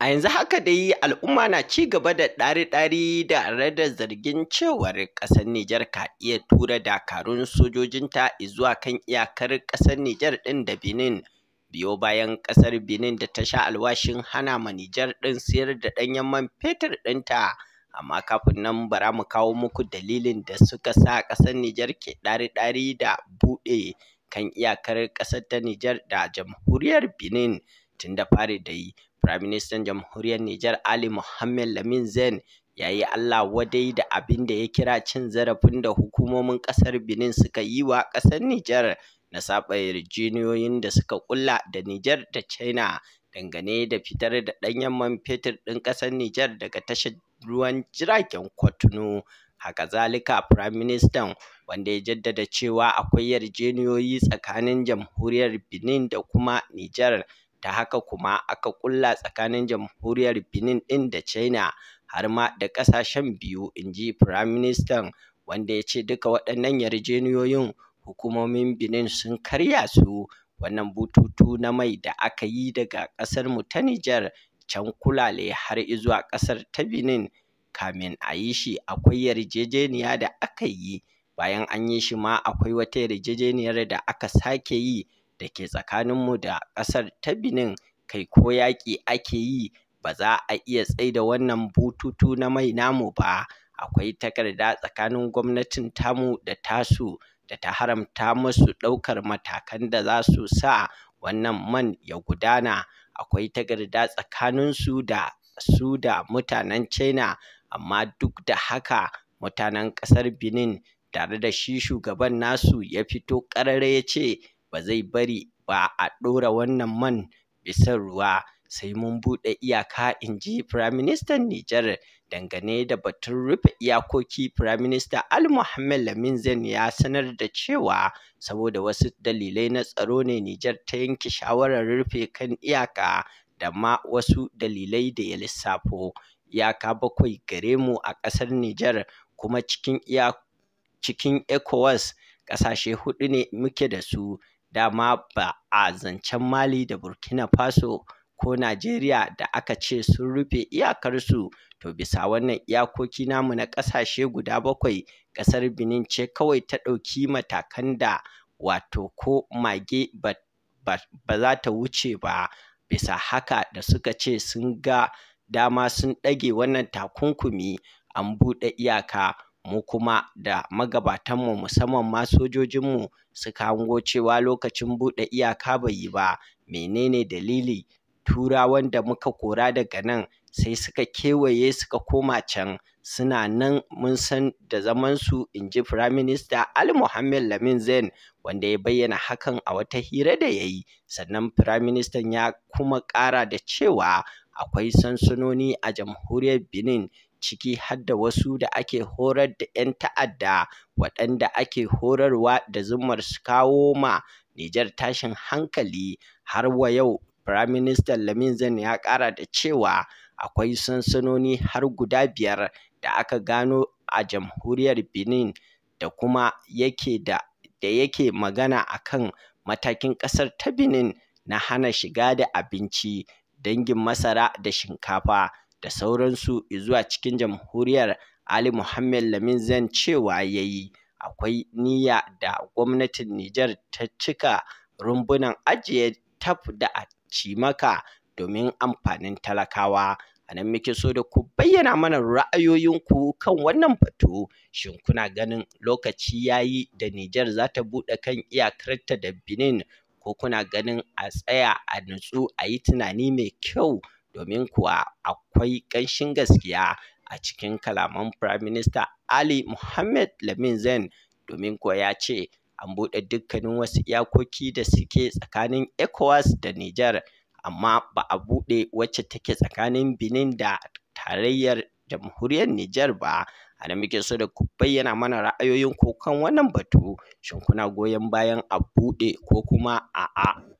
A yanzu haka dai al'umma na ci gaba da ɗari-ɗari da da zargin cewar ƙasar Nijar ka iya tura dakarun sojojinta zuwa kan iyakar ƙasar Nijar ɗin da Benin. Biyo bayan ƙasar Benin da ta sha alwashin hana ma Nijar ɗin sayar da ɗanyen man fetur ɗinta. Amma kafin nan bara mu kawo muku dalilin da suka sa ƙasar Nijar ke ɗari-ɗari da buɗe kan iyakar ƙasar ta Nijar da jamhuriyar Benin tun da fari dai. Firaministan Jamhuriyar Nijar Ali Mohammed Lamin Zain ya yi Allah wadai da abin da ya kira cin zarafin da hukumomin ƙasar Benin suka yi wa ƙasar Nijar na saɓa yarjejeniyoyin da suka ƙulla da Nijar da China dangane da fitar da ɗanyen man fetur ɗin ƙasar Nijar daga tashar ruwan jiragen Kwatano. Haka zalika Firaministan wanda ya jaddada cewa akwai yarjejeniyoyi tsakanin Jamhuriyar Benin da kuma Nijar ta haka kuma aka ƙulla tsakanin jamhuriyar benin ɗin da china har ma da ƙasashen biyu in ji firaministan wanda ya ce duka waɗannan yarjejeniyoyin hukumomin benin sun karya su wannan bututu na mai da aka yi daga ƙasar mu ta nijar can kulale har izuwa ƙasar ta benin kamin a yi shi akwai yarjejeniya da aka yi bayan an yi shi ma akwai wata yarjejeniyar da aka sake yi da ke tsakaninmu da ƙasar ta Benin kai ko yaƙi ake yi ba za a iya tsaida wannan bututu na mai namu ba akwai takarda tsakanin gwamnatin tamu da tasu da ta haramta musu ɗaukar matakan da za su sa wannan man ya gudana akwai takarda tsakaninsu da su da mutanen China amma duk da haka mutanen ƙasar Benin tare da shi shugaban nasu ya fito ƙarara ya ce ba zai bari ba a ɗora wannan man bisan ruwa sai mun buɗe iyaka in ji firaministan Nijar dangane da batun rufe iyakoki firaminista al muhammad Lamin zain ya sanar da cewa saboda wasu dalilai na tsaro ne Nijar ta yanke shawarar rufe kan iyaka da ma wasu dalilai da ya lissafo iyaka bakwai gare mu a ƙasar Nijar kuma cikin ECOWAS ƙasashe huɗu ne muke da su dama ba a zancen mali da burkina faso ko najeriya da aka ce sun rufe iyakarsu to bisa wannan iyakoki namu na ƙasashe guda bakwai ƙasar benin ce kawai ta ɗauki matakan da wato ko mage ba za ta wuce ba bisa haka da suka ce sun ga dama sun ɗage wannan takunkumi an buɗe iyaka mu kuma da magabatanmu musamman ma sojojinmu suka hango cewa lokacin buɗe iyaka bai yi ba menene dalili turawan da muka kora daga nan sai suka kewaye suka koma can suna nan mun san da zamansu in ji firaminista ali muhammed lamin zain wanda ya bayyana hakan a wata hira da ya yi sannan firaministan ya kuma ƙara da cewa akwai sansanoni a jamhuriyar benin ciki har da wasu da ake horar da 'yan ta'adda waɗanda ake horarwa da zumar su kawo ma Nijar tashin hankali har wa yau Firaministan Lamin Zane ya ƙara da cewa akwai sansanoni har guda biyar da aka gano a jamhuriyar Benin da kuma yake da da yake magana a kan matakin ƙasar ta Benin na hana shiga da abinci dangin masara da shinkafa da sauransu zuwa cikin jamhuriyar Ali Mohammed Lamin Zen cewa ya yi akwai niyya da gwamnatin Nijar ta cika rumbunan ajiye taf da a cimaka domin amfanin talakawa. A nan muke so da ku bayyana mana ra'ayoyinku kan wannan batu. Shin kuna ganin lokaci ya yi da Nijar za ta buɗe kan iyakarta da Benin ko kuna ganin a tsaya a nutsu a yi tunani mai kyau domin kuwa akwai ƙanshin gaskiya a cikin kalaman Prime Minister Ali Mohammed Lamin Zain domin kuwa ya ce an buɗe dukkanin wasu iyakoki da suke tsakanin ECOWAS da Nijar amma ba a buɗe wacce take tsakanin Benin da tarayyar jamhuriyar Nijar ba. A nan muke so da ku bayyana mana ra'ayoyin ko kan wannan batu shin kuna goyon bayan a buɗe ko kuma a'a.